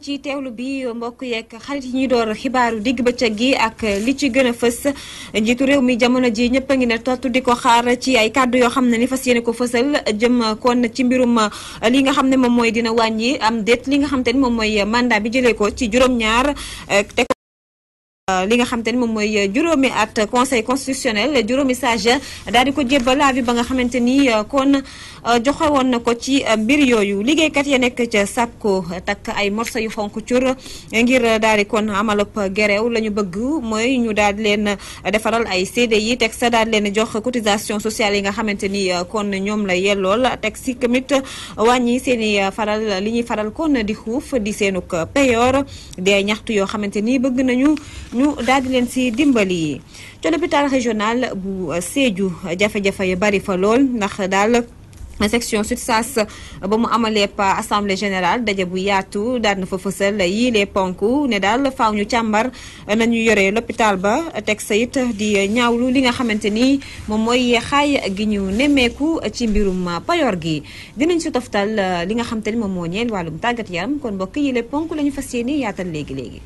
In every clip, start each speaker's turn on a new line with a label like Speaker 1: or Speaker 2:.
Speaker 1: ci teewlu bi mbokk yeeg xarit yi ñuy door xibaaru digg bëccëg gi ak li ci gën a fës njiitu réew mi jamono ji ñëpp a ngi ne tott di ko xaar ci ay kàddu yoo xam ne ni fas yéene ko fësal jëm kon ci mbirum li nga xam ne moom mooy dina wàññi am déet li nga xam te ni moom mooy mandat bi jëlee ko ci juróom-ñaar eh, te Euh, li nga xamante ni moom mooy euh, juróomi at conseil constitutionnel juróomi sage daal di ko jébbal avis ba nga xamante ni euh, kon joxe woon na ko ci mbir yooyu liggéeykat ya nekk ca SAPCO takk ay morso yu xonk cur ngir daal di kon amalop gereew la ñu bëgg mooy ñu daal di leen defaral ay CDI yi teg sa daal di leen jox cotisation sociale yi nga xamante ni kon ñoom la yellool teg si tamit wàññi seen i faral li ñuy faral kon di xuuf di seenuk payoor di ay ñaxtu yoo xamante ni bëgg nañu ñu daal di leen si dimbali yi ci régional bu Sédhiou jafe-jafe ya bari fa lool ndax daal section SUTSAS ba mu amalee pa assemblée général daje bu yaatu daal na fa fësal yii ponk ne daal faaw ñu càmbar nañu yore l'hôpital ba teg sa it di ñaawlu li nga xamante ni moom mooy xaay gi ñu nemmeeku ci mbirum payoor gi dinañ si toftal li nga xamante ni moom moo ñeel wàllum tàggat yaram kon mbokk yi les ponk la ñu fas yéene yaatal léegi léegi.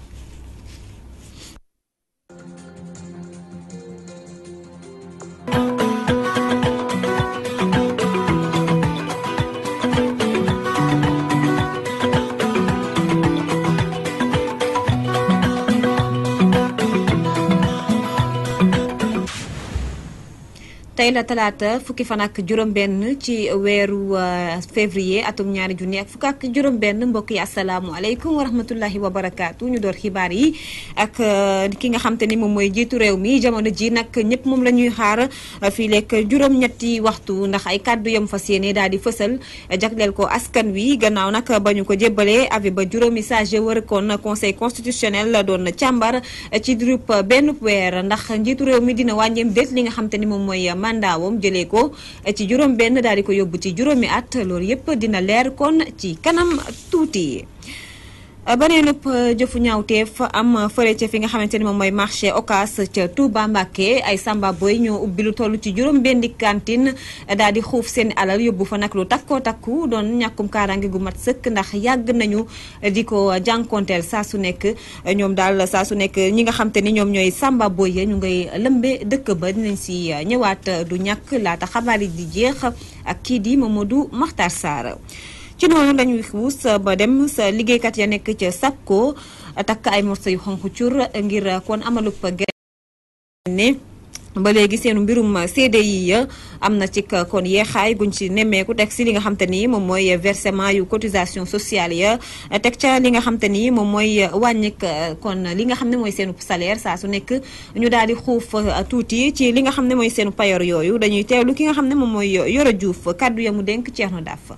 Speaker 1: tey la talaata fukki fan ak juróom-benn ci weeru euh, février atum ñaari junni ak fukk ak juróom-benn mbokk yi asalaamualeykum wa rahmatullahi wa barakaatu ñu door xibaar yi ak euh, ki nga xam ni moom mooy njiitu réew mi jamono ji nag ñëpp moom la ñuy xaar euh, fii lekk juróom waxtu ndax ay kàddu yam fas yéene daal di fësal jagleel ko askan wi gannaaw nag ba ñu ko jébbalee avis ba juróomi sage wër kon conseil constitutionnel doon càmbar ci diirub benn weer ndax njiitu réew mi dina wàññeem déet li nga xam te ni moom mooy mandaawam jëlee ko ci juróom benn daal di ko yóbbu ci juróomi at loolu yëpp dina leer kon ci kanam tuuti. Euh, baneenub euh, jëfu ñaawteef am fële ca fi nga xamante ni moom mooy marché Ocass ca Touba Mbacké ay samba boy ñoo ubbi lu toll ci juróom benn cantine euh, daal di xuuf seen alal yóbbu fa nag lu takkoo takku doon ñàkkum kaaraange gu mat sëkk ndax yàgg nañu di ko jànkonteel saa su nekk ñoom daal saa su nekk ñi nga xamante ni ñoom ñooy samba boy ya ñu ngay lëmbe dëkk ba nañ si ñëwaat du ñàkk laata xabaar yi di jeex ak kii di du Makhtar Sarr ci noonu lañuy xuus ba dem sa liggéeykat ya nekk ca SAPCO takk ay morso yu xonq cur ngir kon amalub grève ba léegi seen mbirum CDI ya am na ci kon yeexaay guñ ci nemmeeku teg si li nga xam te ni moom mooy versement yu sociale ya teg ca li nga xam te moom mooy wàññik kon li nga xam ne mooy seenu salaire saa su nekk ñu daal di xuuf tuuti ci li nga xam ne mooy seenu payor yooyu dañuy teewlu ki nga xam ne moom mooy Yoro Diouf kàddu ya mu dénk Thierno Daff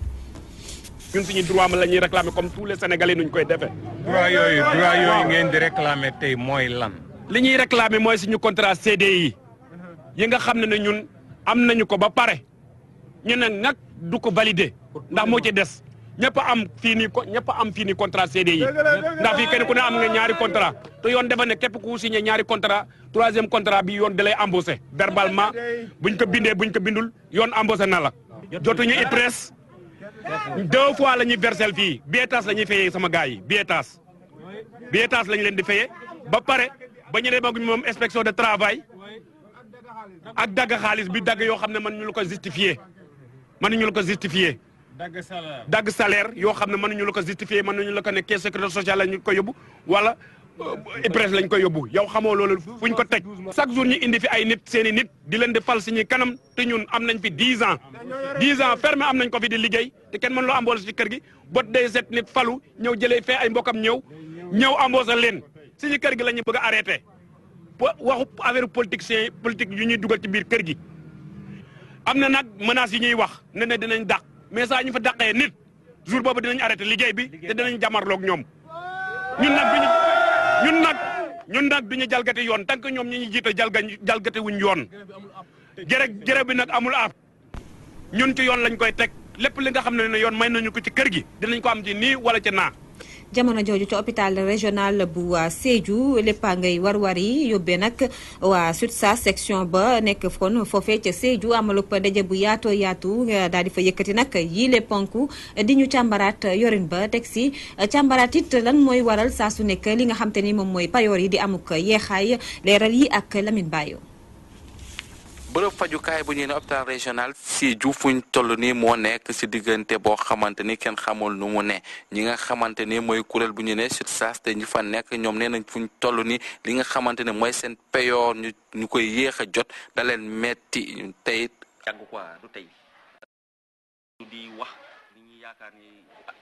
Speaker 2: ñun suñu droit ma la ñuy réclamer comme tous les sénégalais nuñ koy defee. droit yooyu droit yooyu ngeen di réclamer tey mooy lan. li ñuy réclamer mooy ñu contrat CDI yi nga xam ne ne ñun am nañu ko ba pare ñu ne nag du ko valider ndax moo ci des ñëpp am fii nii ñëpp am fii nii contrat CDI yi ndax fii kenn ku ne am nga ñaari contrat te yoon dafa ne képp ku signé ñaari contrat troisième contrat bi yoon dalay embauché verbalement buñ ko bindee buñ ko bindul yoon embauché na deux fois la ñuy versel fii billet taas la ñuy sama gars yi billet taas billet taas lañ leen di fayee ba pare ba ñu demaguñ moom inspection de travail ak dagg xaalis bi dagg yoo xam ne mën ñu la ko justifier mën ñu la ko justifier
Speaker 3: dagg salaire dagg salaire
Speaker 2: yoo xam ne mënuñu la ko justifier mën nañu la ko ne caisse sécurité sociale la koy ko yóbbu wala IPRES lañ ko yóbbu yow xamoo loolu fuñ ko teg chaque jour ñu indi fi ay nit seen nit di leen di fal si ñi kanam te ñun am nañ fi dix ans dix ans ferme am nañ ko fi di liggéey te kenn mën loo ambool si kër gi bot day set nit falu ñëw jëlee fee ay mbokam ñëw ñëw amboosal leen suñu kër gi la ñu bëgg a arrêté waxu affaire politicien politique yu ñuy dugal ci biir kër gi am na nag menaces yi ñuy wax ne ne dinañ dàq mais sax ñu fa dàqee nit jour boobu dinañ arrêté liggéey bi te dinañ jamarloog ñoom ñun nag ñun nag duñu jalgati yoon tant que ñoom ñu ñu jiite jalgañ jalgati wuñ yoon gere jere bi nag amul app ñun ci yoon lañ koy teg lépp li nga xam ne ne yoon may nañu ko ci kër gi dinañ ko am ci nii wala ci naa
Speaker 1: jamono jooju ci hôpital régional bu euh, Sédhiou léppa ngay war-war yi yóbbee nag waa SUTSA section ba nekk kon foofee ca Sédhiou amalub daje bu yaatoo yaatu euh, daal di fa yëkkati nag yii le di ñu càmbaraat yorin ba teg si càmbaraat it lan mooy waral saa su nekk li nga xam te ni moom mooy payoor yi di amuk yeexaay leeral yi ak Lamine Bayo
Speaker 4: bërëb fajukaay bu ñuy ne hôpital régional si ju fuñ toll nii moo nekk si diggante boo xamante ni kenn xamul nu mu ne ñi nga xamante ni mooy kuréel bu ñu ne SUTSAS te ñu fa nekk ñoom nee nañ fuñ toll nii li nga xamante ne mooy seen peyoor ñu ñu koy yéex a jot da leen metti tey. jàng quoi du tey.
Speaker 5: di wax li ñuy yaakaar ni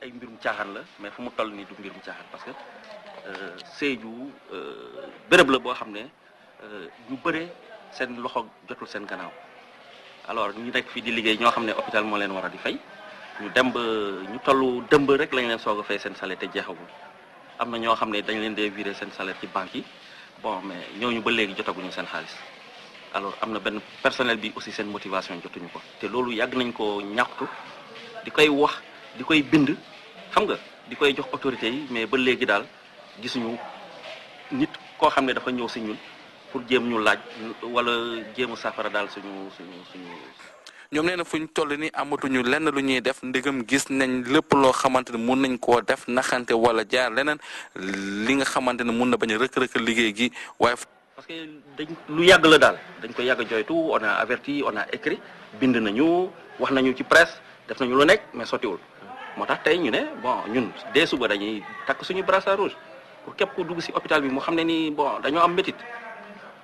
Speaker 5: ay mbirum caaxaan la mais fu mu toll nii du mbirum caaxaan parce que euh, Sédhiou euh, bërëb la boo xam ne euh, ñu bëre. seen loxo jotul seen ganaaw alors ñu nekk fii di liggéey ñoo xam ne hôpital moo leen war a di fay ñu dem ba ñu toll dëmb rek lañ leen soog a fay seen salaire te jeexagul am na ñoo xam ne dañ leen dee virer seen salaire ci banque yi bon mais ñooñu ba léegi jotaguñu seen xaalis alors am na benn personnel bi aussi seen motivation jotuñu ko te loolu yàgg nañ ko ñaxtu di koy wax di koy bind xam nga di koy jox autorité yi mais ba léegi daal gisuñu nit koo xam ne dafa ñëw si pour jéem ñu laaj wala jéem a saafara daal suñu suñu suñu.
Speaker 4: ñoom nee fu ñu toll nii amatuñu lenn lu ñuy def ndegam gis nañ lépp loo xamante ne mun nañ koo def naxante wala jaar leneen li nga xamante ne mun na bañ a rëkk liggéey gi waaye. parce que dañ lu yàgg la daal dañ ko yàgg joytu on a
Speaker 5: averti o na écrit bind nañu wax nañu ci presse def nañu lu nekk mais sottiwul moo tax tey ñu ne bon ñun dee suba dañuy takk suñu brassard rouge pour képp dugg si hôpital bi moo xam ne ni bon dañoo am métit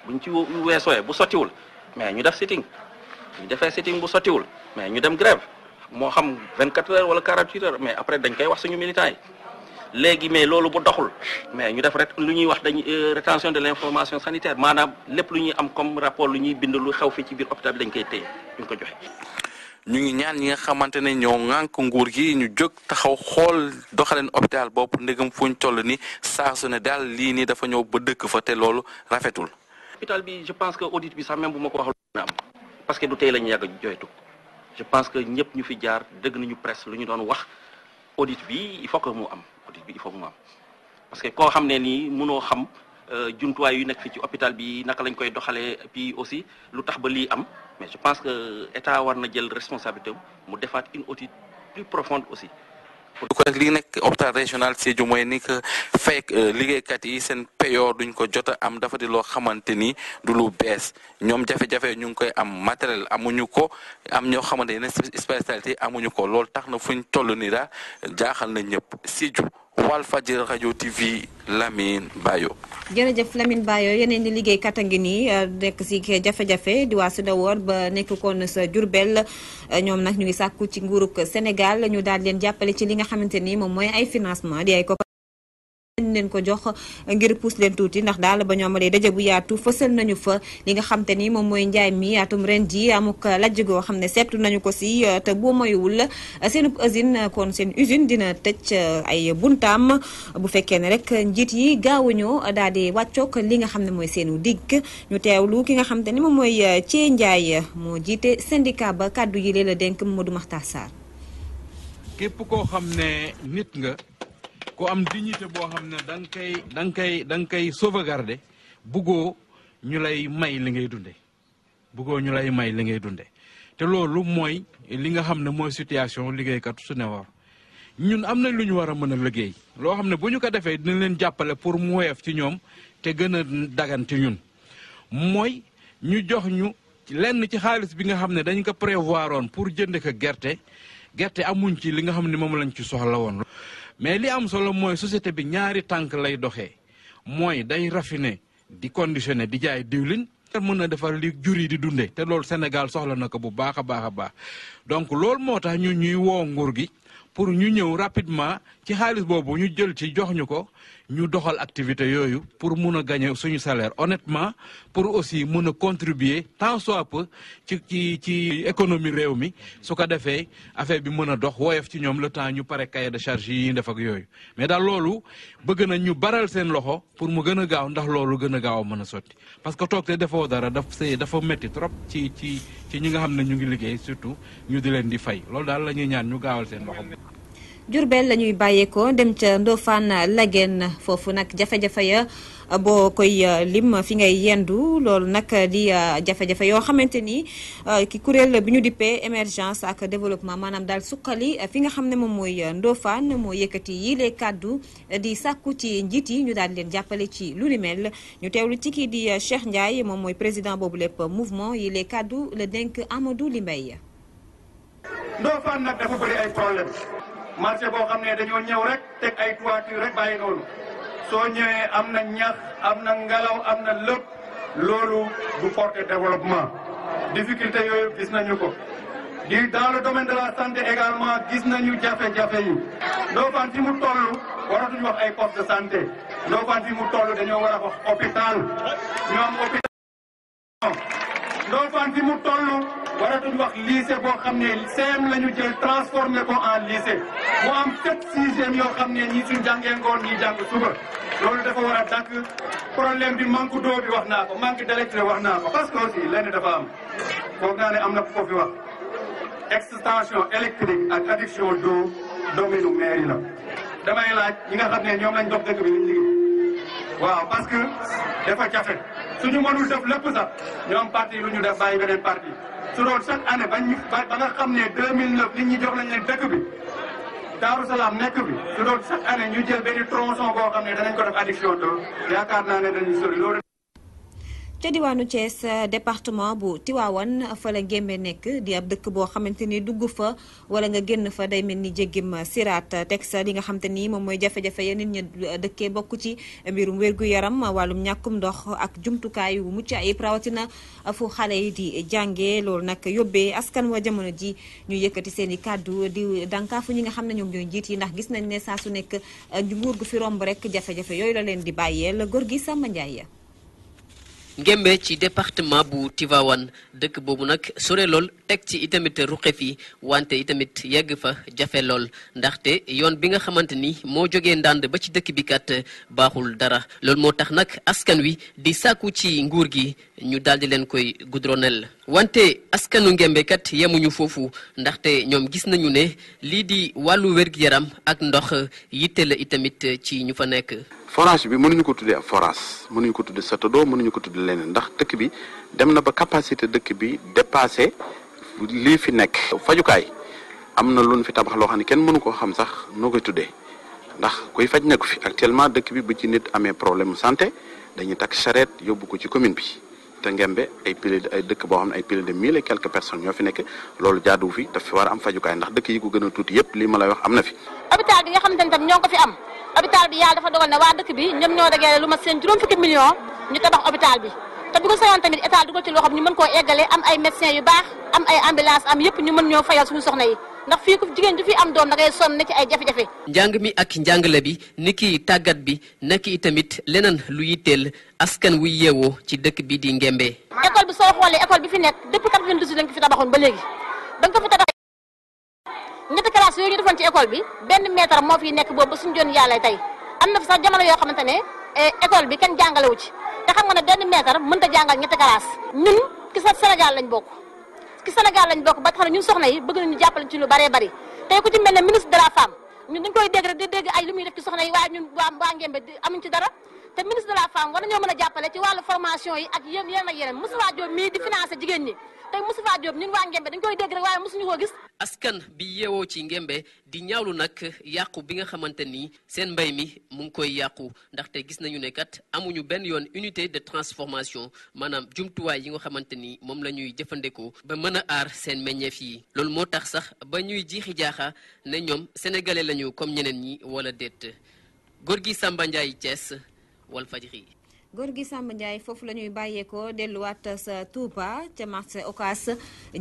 Speaker 5: buñ ci weesooyee bu sottiwul mais ñu def sitting ñu defee sitting bu sottiwul mais ñu dem grève moo xam 24 heures wala 48 heures mais après dañ koy wax suñu militants yi léegi mais loolu bu doxul mais ñu def rek lu ñuy wax dañuy euh, rétention de l' information sanitaire maanaam lépp lu ñuy am comme rapport lu ñuy bind lu xew fi ci biir hôpital
Speaker 4: bi dañ koy téye duñ ko joxe. ñu ngi ñaan ñi nga xamante ne ñoo ŋànk nguur gi ñu jóg taxaw xool doxaleen hôpital bopp ndegam fuñ toll ni saa nii dafa ñëw ba dëkk fa te
Speaker 5: hôpital bi je pense que audit bi sax même bu ma ko waxul na am parce que du tey la ñu yàgg joytu je pense que ñëpp ñu fi jaar dëgg nañu presse lu ñu doon wax audit bi il faut que mu am audit bi il faut que mu am parce que koo xam ne nii mënoo xam euh, jumtuwaay yu nekk fii ci hôpital bi naka lañ koy doxalee puis aussi lu tax ba lii am mais je pense que euh, état war na jël responsabilité mu defaat une audit plus profonde aussi
Speaker 4: ko li nekk hôpital régional Sédhiou mooy ni que fekk euh, liggéeykat yi seen payoor duñ ko jot a am dafa di loo xamante ni du lu bees ñoom jafe-jafe ñu ngi koy am matériel amuñu ko am ñoo xamante ne spécialité amuñu ko loolu tax na fuñ toll nii daal jaaxal na ñëpp Sédhiou Walfadjri rajo TV Lamine Bayo.
Speaker 1: jërëjëf Lamine Bayo yeneen ni liggéeykat a ngi nii euh, nekk si jafe-jafe di waa Sudaor ba nekk kon sa Jurbel euh, ñoom nag ñu ngi sàkku ci nguurug Sénégal ñu daal leen jàppale ci li nga xamante ni moom mooy ay financement di ay dañ leen ko jox ngir puus leen tuuti ndax daal ba ñoom amalee daje bu yaatu fësal nañu fa li nga xam ni moom mooy njaay mi atum ren ji amuk lajj goo xam ne seetlu nañu ko si te boo moyuwul seen usine kon seen usine dina tëj uh, ay buntaam bu fekkee ne rek njiit yi gaawuñoo daal di wàccook li nga xam ne mooy seenu digg ñu lu ki nga xam te ni moom mooy ci uh, njaay moo jiite syndicat ba kàddu yi lee la dénk Modou Makhtar Sarr
Speaker 6: képp koo xam ne nit nga ku am dignité boo xam ne da nga koy da koy da nga koy sauvegarder buggoo ñu lay may li ngay dunde buggoo ñu lay may li ngay dunde te loolu mooy li nga xam ne mooy situation liggéeykat su ne war ñun am nañ lu ñu war a mën a liggéey loo xam ne bu ñu ko defee dina leen jàppale pour mu woyof ci ñoom te gën a dagan ci ñun mooy ñu jox ñu lenn ci xaalis bi nga xam ne dañ ko oon pour jënd ko gerte gerte amuñ ci li nga xam ne moom lañ ci soxla woon mais li am solo mooy société bi ñaari tànk lay doxee mooy day raffiné di conditionné di jaay diwlin. mën na defar li jur yi di dundee te loolu Sénégal soxla na ko bu baax a baax a baax donc loolu moo tax ñu ñuy woo nguur gi pour ñu ñëw rapidement ci xaalis boobu ñu jël ci jox ñu ko ñu doxal activité yooyu pour mun a gagner suñu salaire honnêtement pour aussi mun a contribuer tant soit peu ci ci ci économie réew mi su ko defee affaire bi mën a dox woyof ci ñoom le temps ñu pare cahier de charge yi def ak yooyu mais daal loolu bëgg nañ ñu baral seen loxo pour mu gën a gaaw ndax loolu gën a gaaw a mën a sotti parce que toog te defoo dara daf see dafa métti trop ci ci ci ñi nga xam ne ñu ngi liggéey surtout ñu di leen di fay loolu daal la ñuy ñaan ñu gaawal seen loxo.
Speaker 1: Jurbel la ñuy bàyyeekoo dem ca Ndofane Lageen foofu nag jafe-jafe ya boo koy euh, lim fi ngay yendu loolu nag di euh, jafe-jafe yoo xamante ni euh, ki kuréel bi ñu dippee émergence ak développement maanaam daal suqali fi nga xam ne moom mooy Ndofane moo yëkkati yi les kàddu di sàkku ci njiit yi ñu daal leen jàppale ci lu li ñu teewlu ci kii di Cheikh Ndiaye moom mooy président boobu lépp mouvement yi les kàddu la dénk Amadou Li Mbaye ya
Speaker 7: marché boo xam ne dañoo ñëw rek teg ay toiture rek bàyyi loolu soo ñëwee am na ñax am na ngelaw am na lépp loolu du porter développement difficulté yooyu gis nañu ko di dans le domaine de santé également gis nañu jafe-jafe yi Ndofane fi mu toll waratuñu wax ay poste de santé Ndofane fi mu toll dañoo war wax hôpital ñoom hôpital waratuñ wax lycée boo xam ne CM la ñu jël transformé ko en lycée mu am sept sixième yoo xam ne ñii suñ jàngee ngoon ñii jàng suba loolu dafa war a dakk problème bi manque d'eau bi wax naa ko manque d'électricité wax naa ko parce que aussi lenn dafa am foog naa ne am na ko fi wax extension électrique ak adduction d'eau domaine mairie la damay laaj ñi nga xam ne ñoom lañ dox bi liñ waaw parce que dafa jafe suñu mënul def lépp sax ñoom parti lu ñu def bàyyi beneen parti su doon chaque année bañ ñu ba nga xam ne 2009 nit ñi jox lañ leen dëkk bi Daaru Salaam nekk bi su doon chaque année ñu jël benn tronçon boo xam ne danañ ko def addiction to yaakaar naa ne dañuy sori loolu
Speaker 1: ce diwaanu Thiès département bu Tiwaawan fa la Ngémbe nekk di ab dëkk boo xamante ni dugg fa wala nga génn fa day mel ni jéggim siraat teg sa li nga xamante ni moom mooy jafe-jafe ya dëkkee bokk ci mbirum wér yaram wàllum ñàkkum ndox ak jumtukaay yu mucc ayib rawatina fu xale yi di jàngee loolu nag yóbbee askan wa jamono ji ñu yëkkati seen kàddu di dànkaafu ñi nga xam ne ñoom ñooy njiit yi ndax gis nañ ne saa su nekk nguur gu fi romb rek jafe-jafe yooyu la leen di bàyyeel góor gi Samba Ndiaye
Speaker 8: ngémbe ci département bu Tivaouane dëkk boobu nag sore lool teg ci itamit ruqef yi wante itamit yegg fa jafe lool ndaxte yoon bi nga xamante ni moo jógee ndànd ba ci dëkk bi kat baaxul dara lool moo tax nag askan wi di sàkku ci nguur gi ñu daal di leen koy goudronel wante askanu ngémbe kat yemuñu foofu ndaxte ñoom gis nañu ne lii di wàllu wér-gu-yaram ak ndox yitte la itamit ci ñu fa nekk
Speaker 9: forage bi mënuñu ko tuddee ab forage mënuñu ko tuddee château d'eau mënuñu ko tuddee leneen ndax dëkk bi dem na ba capacité dëkk bi dépassé lii fi nekk. fajukaay am na lu ñu fi tabax loo xam ne kenn mënu koo xam sax noo koy tuddee ndax koy faj nekk fi actuellement dëkk bi bu ci nit amee problème santé dañuy takk charrette yóbbu ko ci commune bi. te ngembe ay pile dëkk boo xam ne ay pile de mille et quelques personnes ñoo fi nekk loolu jaaduwu fi daf fi war a am fajukaay ndax dëkk yi ko gën a tuuti yëpp lii ma lay wax am na fi
Speaker 1: hôpital bi nga xamante ne tam ñoo ko fi am hôpital bi te bu ko tamit état dugal ci loxoom ñu mën koo eggale am ay médecins yu baax am ay ambulance am yëpp ñu mën ñoo fayal suñu soxna yi ndax fii ku jigéen ju fi am doom da ngay sonn ci ay
Speaker 8: jafe-jafe. njàng mi ak njàngale bi ni kii tàggat bi nekk itamit leneen lu yitteel askan wu yeewoo ci dëkk bi di Ngembé.
Speaker 1: école bi soo xoolee école bi fi nekk depuis 98 lañ ko fi tabaxoon ba léegi da nga ko fi tabax ñetti classe yooyu ñu defoon ci école bi benn maître moo fi nekk boobu ba suñu joon yàlla tey am na fi sax jamono yoo xamante ne eh, école bi kenn jàngalewu ci te xam nga ne benn maître mënut a jàngal ñetti classe ñun ki sa Sénégal lañ bokk. ci senegal lañ bokk ba tax na ñun soxna yi bëgg nañu jàppale ci lu bëree bëri tey ku ci mel ne ministre de la femme ñun dañ koy dégg rek di dégg ay lu muy def ci soxna yi waaye ñun waa waa Ngembe amuñ ci dara te ministre de la femme war nañoo mën a jàppale ci wàllu formation yi ak yéen yéen ak yeneen Moustapha Diop mii di financé jigéen ñi te Moustapha
Speaker 8: Diop ñun waa Ngembe dañ koy dégg rek waaye mosuñu koo gis askan bi yeewoo ci Ngembe di ñaawlu nag yàqu bi nga xamante ni seen mbay mi mu ngi koy yàqu ndaxte gis nañu ne kat amuñu benn yoon unité de transformation maanaam jumtuwaay yi nga xamante ni moom la ñuy jëfandikoo ba mën a aar seen meññeef yi loolu moo tax sax ba ñuy jiixi jaaxa ne ñoom sénégalais lañu comme ñeneen ñi wala déet Gorgui Samba Ndiaye Thiès Walfadjri
Speaker 1: góor gi Samba Ndiaye foofu la ñuy bàyyeekoo delluwaat sa Touba ca marché Ocass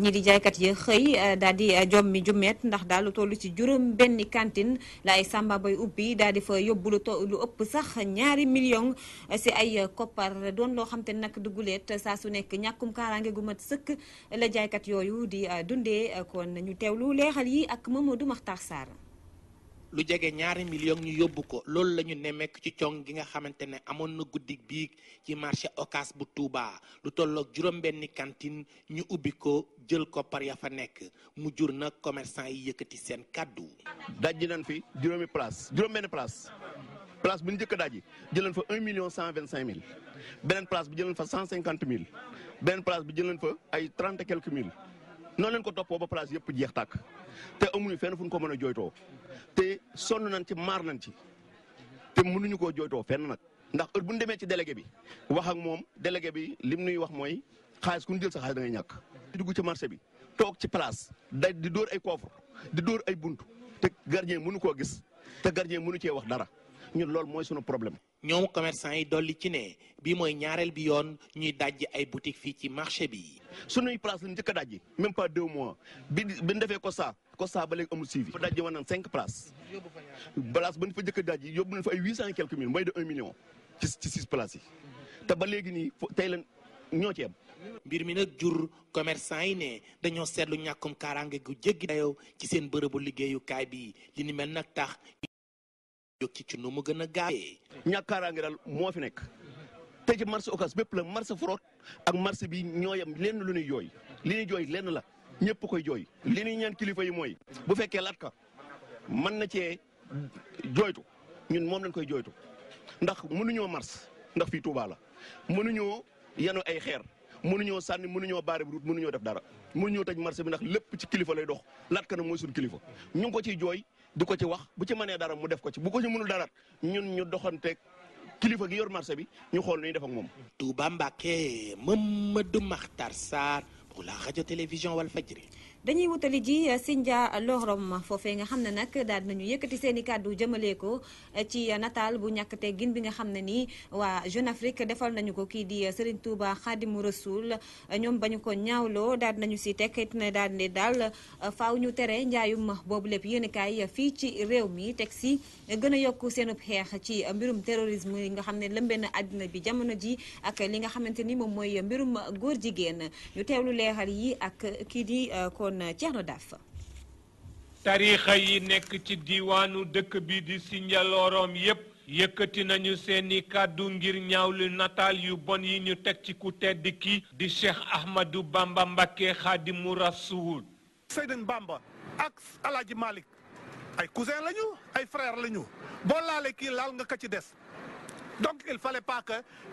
Speaker 1: ñii di jaaykat yi xëy eh, daal di eh, jom mi jummet ndax daal lu toll ci juróom benn cantine la ay Samba bay ubbi daal di fa yóbbu lu ëpp sax ñaari million eh, si ay koppar doon loo xam te nag duguleet saa su nekk ñàkkum kaaraange gu mat sëkk la jaaykat yooyu di dundee kon ñu teewlu leexal yi ak Mamadou Makhtar Sarr.
Speaker 9: lu jege ñaari million ñu yóbbu ko loolu la ñu mekk ci cong gi nga xamante ne amoon na guddi biig ci marché Ocass bu Touba lu tolloog juróom-benni cantine ñu ubbi ko jël koppar ya fa nekk mu jur na commerçant yi yëkkati seen kaddu dajji nañ fi juróomi place juróom-benni place place bu ñu njëkk a dajji fa million cent vingt cinq mille beneen place bi jëleen fa cent cinquante mille beneen place bi jëleen fa ay trente et quelques mille noonu leen ko toppoo ba place yëpp jeex tàkk te amuñu fenn fu ko mën a jooytoo. te sonn nañ ci maar nañ ci te mënuñu koo jooytoo fenn nag ndax heure demee ci délégué bi wax ak moom délégué bi lim nuy wax mooy xaalis ku ñu jël sa xaalis da ngay ñàkk. dugg ci marché bi toog ci place day di dóor ay coffre di dóor ay bunt te gardien mënu koo gis te gardien mënu cee wax dara. ñun loolu mooy sunu problème. ñoom commerçant yi dolli ci ne bi mooy ñaareel bi yoon ñuy dajj ay boutique fii ci marché bi. sunuy place la njëkk a dajji même pas deux mois bi bi ñu defee Kosa Kosa ba léegi amul suivi. fa dajji woon nañ cinq places. place ba ñu fa njëkk a dajji yóbbu cent et quelques mille mooy ci six places yi. te ba léegi nii fo tey la ñoo ci am. mbir mi nag jur commerçant yi ne dañoo seetlu ñàkkum kaaraange gu jéggi dayo ci seen bërëbu liggéeyukaay bi li ni mel nag tax. jokki ci nu mu gën a gaawee. ñàkkaaraange daal moo fi nekk te ci marché Ocass bépp la marché Frot ak marché bi ñoo yem lenn lu ñuy jooy li ñuy jooy lenn la ñëpp koy jooy. li ñuy ñaan kilifa yi mooy bu fekkee laat ka mën na cee jooytu ñun moom lañ koy jooytu ndax mënuñoo mars ndax fii Touba la mënuñoo yanu ay xeer nu mënuñoo sànni mënuñoo baare bi ruut mënuñoo def dara mënuñoo taj marché bi ndax lépp ci kilifa lay dox laat ka mooy suñu kilifa ñu ko ciy jooy. du ko ci wax bu ci manee dara mu def ko ci bu ko ci dara ñun ñu doxanteeg kilifa gi yor marché bi ñu xool nu ñuy def ak moom. Touba Mbacké Mamadou Makhtar Sarr pour la radio télévision
Speaker 5: Walfadjri.
Speaker 1: dañuy wutali ji Sindia Lorom foofee nga xam ne nag daal nañu yëkkati seen i kàddu jëmale ko ci nataal bu ñàkk gin bi nga xam ne nii waa Jeune Afrique defal nañu ko kii di Serigne Touba Khadimu Rasoul ñoom bañu ko ñaawloo daal nañu si teg it ne daal ne daal faaw ñu tere njaayum boobu lépp yéen kaay fii ci réew mi teg si gën a yokk seenub xeex ci mbirum terrorisme yi nga xam ne lëmbee na bi jamono ji ak li nga xamante ni moom mooy mbirum góor jigéen ñu teewlu leexal yi ak kii di ko euh, nekkoon eh, Thierno Daf
Speaker 3: yi nekk ci diiwaanu dëkk bi di si njalooroom yépp yëkkati nañu seeni kàddu ngir ñaawlu nataal yu bon yi ñu teg ci ku tedd ki di Cheikh Ahmadou Bamba Mbacké Xaadimu
Speaker 10: Rasuul Seydina Bamba ak Alaaji Malick ay cousin lañu ay frère lañu boo laalee kii laal nga ko ci des donc il fallait pas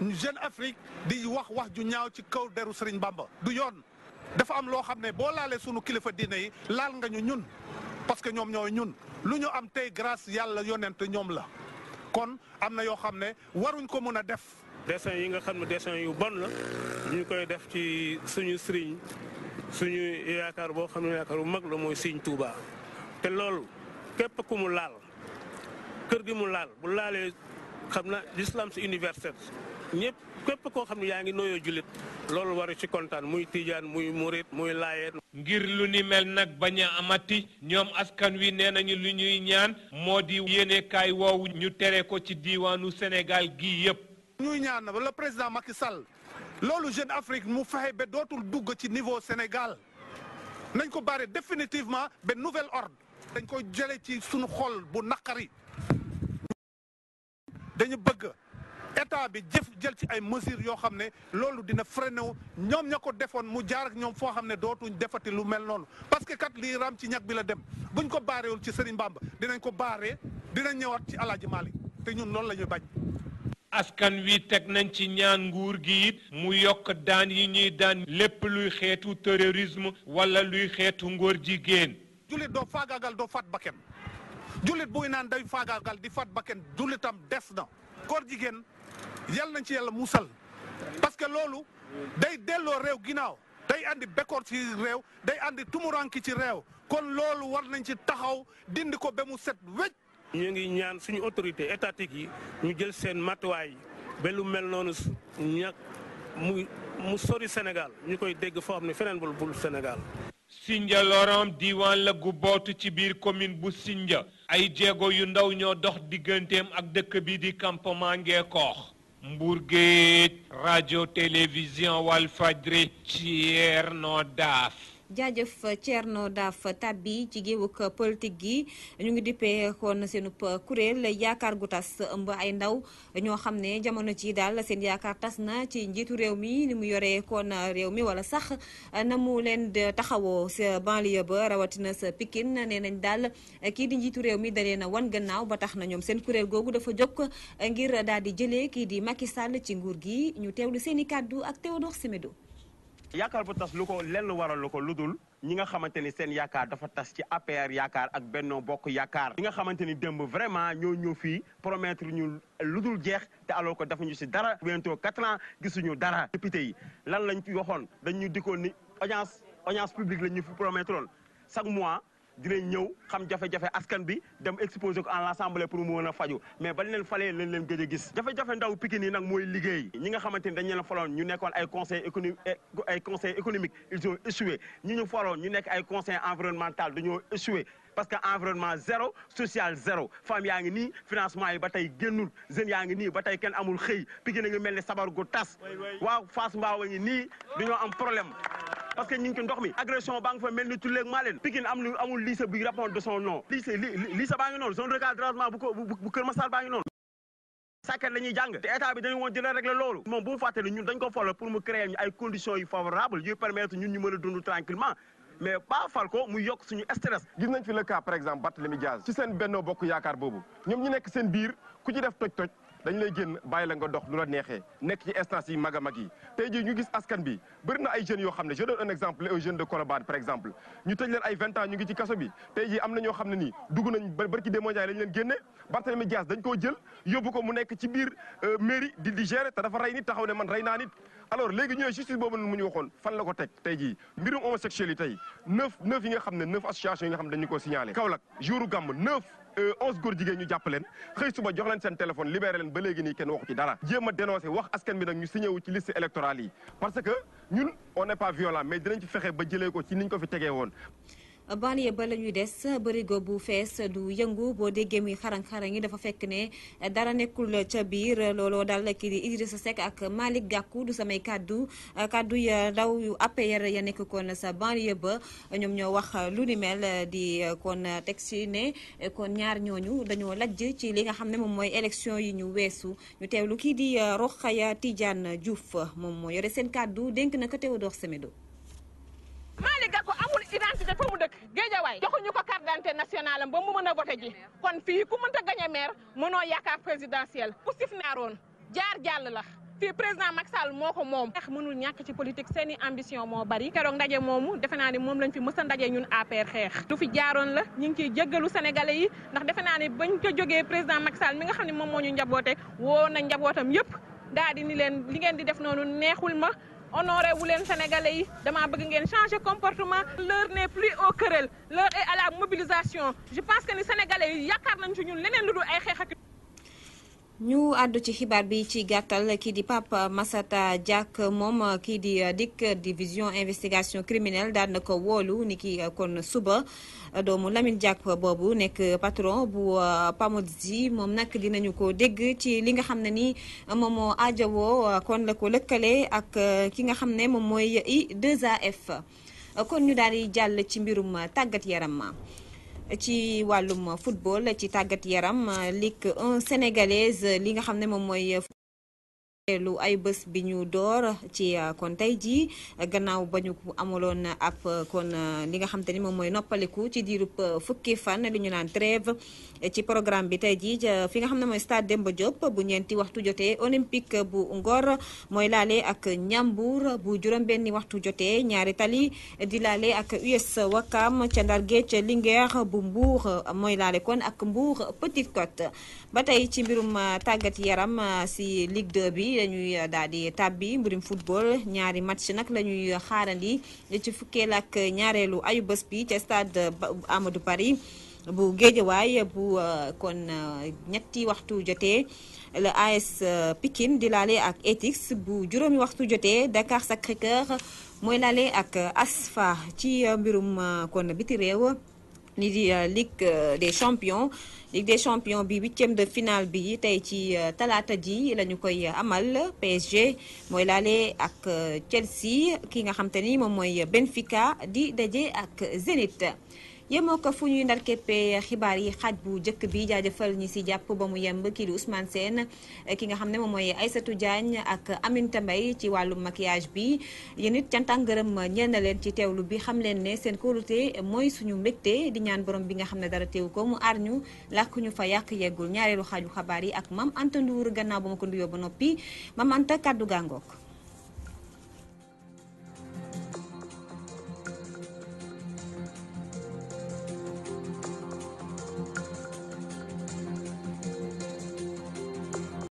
Speaker 10: Jeune Afrique di wax wax ju ñaaw ci kaw deru Serigne Bamba du yoon dafa am loo xam ne boo laalee sunu kilifa dina yi laal nga ñu ñun parce que ñoom ñoo ñun lu ñu am tey grâce yàlla yonent ñoom la kon am na yoo xam ne waruñ ko mën a def. dessin yi nga xam ne dessin yu bon la ñu koy def ci suñu sëriñ
Speaker 2: suñu yaakaar boo xam ne yaakaar bu mag la mooy Sëriñ Tuuba te loolu képp ku mu laal kër gi mu laal bu laalee xam na l'islam c'est universel
Speaker 3: ñëpp. képp koo xam ne yaa ngi nooyoo jullit loolu waru ci kontaan muy tijaan muy murit muy laayeen ngir lu ni mel nag bañ a amati ñoom askan wi nee nañu lu ñuy ñaan moo di yéenekaay woowu ñu tere ko ci diiwaanu Sénégal gi yëpp
Speaker 10: ñuy ñaan le président Macky Sall loolu Jeune Afrique mu fexe ba dootul dugg ci niveau Sénégal nañ ko bari définitivement ba nouvelle ordre dañ koy jële ci sunu xol bu naqari dañu bëgg état bi jëf jël ci ay mesures yoo xam ne loolu dina freiné wu ñoom ña ko defoon mu jaar ak ñoom foo xam ne dootuñ defati lu mel noonu parce que kat lii ram ci ñag bi la dem buñ ko baarewul ci Serigne Bamba dinañ ko baaree dinañ ñëwaat ci Alaaji Malick te ñun loolu la ñuy bañ. askan wi teg nañ
Speaker 3: ci ñaan nguur gi it mu yokk daan yi ñuy daan lépp luy xeetu terrorisme wala luy xeetu ngóor jigéen.
Speaker 10: jullit doo faagaagal doo faat bakkan jullit buy naan day faagaagal di faat bakkan jullitam des na góor yal nañ ci yàlla musal parce que loolu day delloo réew ginnaaw day andi bekkoor ci réew day andi tumuranki ci réew kon loolu war nañ ci taxaw dindi ko ba mu set wécc. ñu ngi ñaan suñu autorité étatique yi ñu jël seen matuwaay ba lu mel noonu
Speaker 3: ñàkk mu mu sori Sénégal ñu koy dégg foo xam ne feneen bul bul Sénégal. Sindia Laurent diiwaan la gu bootu ci biir commune bu Sindia ay jéego yu ndaw ñoo dox digganteem ak dëkk bi di campement Ngeekoox Mbour Géej rajo télévision Walfadjri Thierno Daaf
Speaker 1: jaajëf Thierno Daaf tàbbi ci géewug politique gi ñu ngi dippee koon seenub kuréel yaakaar gu tas ëmb ay ndaw ñoo xam ne jamono ci daal seen yaakaar tas na ci njiitu réew mi ni mu yoree koon réew mi wala sax na mu leen taxawoo sa banlieue ba rawatina sa Pikine nee nañ daal kii di njiitu réew mi dalee na wan gannaaw ba tax na ñoom seen kuréel googu dafa jokk ngir daal di jëlee kii di Macky Sall ci nguur gi ñu teewlu seen i kàddu ak Théodore Semedo
Speaker 11: yaakaar bu tas lu ko lenn waral lu ko ludul ñi nga xamante ni seen yaakaar dafa tas ci APR yaakaar ak Benno Bokk Yaakaar ñi nga xamante ni démb vraiment ñoo ñëw fii promettre ñu ludul jeex te alors ko dafa ñu si dara bientôt quatre ans gisuñu dara député yi lan lañ ci waxoon dañu dikkoon ni audience audience publique lañ ñu fi woon chaque mois dinañ ñëw xam jafe-jafe askan bi dem exposé ko en l'assemblée pour mu mën a faju mais bañ leen falee lañ leen gëj gis jafe-jafe ndaw Pikine yi mooy liggéey ñi nga xamante ni dañ leen faloon ñu nekkoon ay conseil économique ay conseil économique ils ont ñi ñu faloon ñu nekk ay conseil environnemental dañoo échoué parce que environnement zéro social zéro femme yaa ngi nii financement yi ba tey génnul jeunes yaa ngi nii ba tey kenn amul xëy Pikine ngi mel ni sabar gu tas waaw Fass Mbao ngi nii dañoo am problème parce que ñu ngi ci mi agression baa fa mel ni tulleeg maa leen am amul lycée buy répondre de son nom lycée lycée baa ngi noonu zone de recadrement bu Kër Massar baa ngi noonu sàkket la ñuy jàng te état bi dañu woon dina régler loolu moom bu mu fàttali ñun dañ ko folo pour mu créer ñu ay conditions yu favorable yuy permettre ñun ñu mën a dund tranquillement
Speaker 9: mais pas fal ko mu yokk suñu stress. gis nañ fi le cas par exemple Barthélémy Diaz ci seen Benno Bokk Yaakaar boobu ñoom ñu nekk seen biir ku ci dañ lay génn bàyyi la nga dox lu la neexee nekk ci instance yi mag a mag yi tey jii askan bi bëri na ay jeunes yoo xam ne je donne un exemple les jeunes de Colobane par exemple ñu tëj leen ay vingt ñu ngi ci kaso bi tey jii am na ñoo xam ne ni dugg nañ barki démb leen lañ leen génne Barthélemy Dias dañ koo jël yóbbu ko mu nekk ci biir euh, mairie di di gérer te dafa rey nit taxaw ne man rey naa nit alors léegi ñooy justice boobu noonu mu ñu waxoon fan la ko teg tey jii mbirum homosexualité yi neuf neuf nga xam ne neuf association yi nga xam ne ko signalé Kaolack jouru gàmm Euh, onze góor jigéen ñu jàpp leen xëy suba jox leen seen téléphone libéré leen ba léegi nii kenn waxu ci dara jéem a dénoncé wax askan bi ñu signé wu ci liste électorale yi parce que ñun on n'est pas violent mais dinañ ci fexe ba jëlee ko ci
Speaker 5: niñ ko fi tegee woon
Speaker 1: banlieue ba la ñuy des bërigo bu fees du yëngu boo déggee mi xarañ-xarañ yi dafa fekk ne dara nekkul ca biir looloo dal kii di sa Seck ak Malick Gakou du samay kàddu kàddu ya ndaw yu APR ya nekk kon sa banlieue ba ñoom ñoo wax lu ni mel di kon teg ci ne kon ñaar ñooñu dañoo lajj ci li nga xam ne moom mooy élection yi ñu weesu ñu teewlu kii di Rokhaya Tidiane Diouf moom moo yore seen kàddu dénk na ko Théodore Semedo cité fa mu dëkk Géejawaay joxuñu ko carte d'identité nationale am ba mu mën a voté ji kon fii ku mënta gañe maire mënoo yaakaar présidentielle ku sif naaroon jaar jàll la fii président Macky moo ko moom ndax mënul ñàkk ci politique seen i ambition moo bari keroog ndaje moomu defe naa ni moom lañ fi mës a ndaje ñun APR xeex du fi jaaroon la ñu ngi ciy jéggalu sénégalais yi ndax defe naa ni bañ ko jógee président Macky mi nga xam ne moom moo ñu njaboote woo na njabootam yëpp daal di ni leen li ngeen di def noonu neexul ma honoré wu leen sénégalais yi dama bëgg ngeen changer comportement l'heure n'est plus aux querelles l'heure est à la mobilisation je pense que ni sénégalais yi yaakaar nañ ci ñun leneen lu dul ay xeex ñu àddu ci xibaar bi ci gàttal kii di Pape masata jàkk moom kii di dikk division investigation criminelle daan na ko woolu ni ki kon suba doomu Lamine Diack boobu nekk patron bu euh, Pamodzi moom nag dinañu ko dégg ci li nga xam ne ni moom moo aajowoo euh, kon la ko lëkkale ak euh, ki nga xam ne moom mooy i 2 kon ñu daal di jàll ci mbirum tàggat yaram ci wàllum football ci tàggat yaram euh, Ligue 1 sénégalaise li nga xam ne moom mooy. lu ay bés bi ñu door ci euh, kon tey jii euh, gannaaw bañu ñu amaloon ab euh, kon li nga xam te ni moom mooy noppaliku ci diirub fukki fan li ñu naan trêve ci programme bi tey jii fi nga xam ne mooy stade Demba Diop bu ñeenti waxtu jotee olympique bu Ngor mooy laale ak ñambuur bu juróom-benni waxtu jotee ñaari tali di laale ak US Wakam ca Ndar Géej bu mbuux mooy laale kon ak Mbour Petite Côte. ba tey ci mbirum euh, tàggat yaram euh, si Ligue 2 bi lañuy euh, daal di tàbbi mbirum football ñaari match nag lañuy ñuy xaarandi ci fukkeel ak ñaareelu ayu bés bi ca stade Amadou bu géejawaay bu kon ñetti waxtu jote le AS Pikine di laale ak Etix bu juróomi waxtu jote Dakar sacré mooy laale ak ASFA ci mbirum kon biti réew. li di euh, Ligue euh, des champions Ligue des champions bi huitième de finale bi tey ci euh, talaata ji la ñu koy amal PSG mooy laale ak Chelsea ki nga xam ni moom mooy Benfica di daje ak Zenit. yemoo ko fu ñuy ndarkeppee xibaar yi xaaj bu njëkk bi jaajëfal ñi si jàpp ba mu yemb kii di Ousmane Sène ki nga xam ne moom mooy Aïssatou Diagne ak Aminata mbay ci wàllu maquillage bi yéen it cant ak ngërëm ñeel leen ci teewlu bi xam leen ne seen kóolute mooy suñu mbégte di ñaan borom bi nga xam ne dara teewu ko mu aar ñu làkk ñu fa yàq yeggul ñaareelu xaaju xabaar yi ak mam Anta Ndour gannaaw ba ma ko nuyoo ba noppi mam Anta kàddu gàngook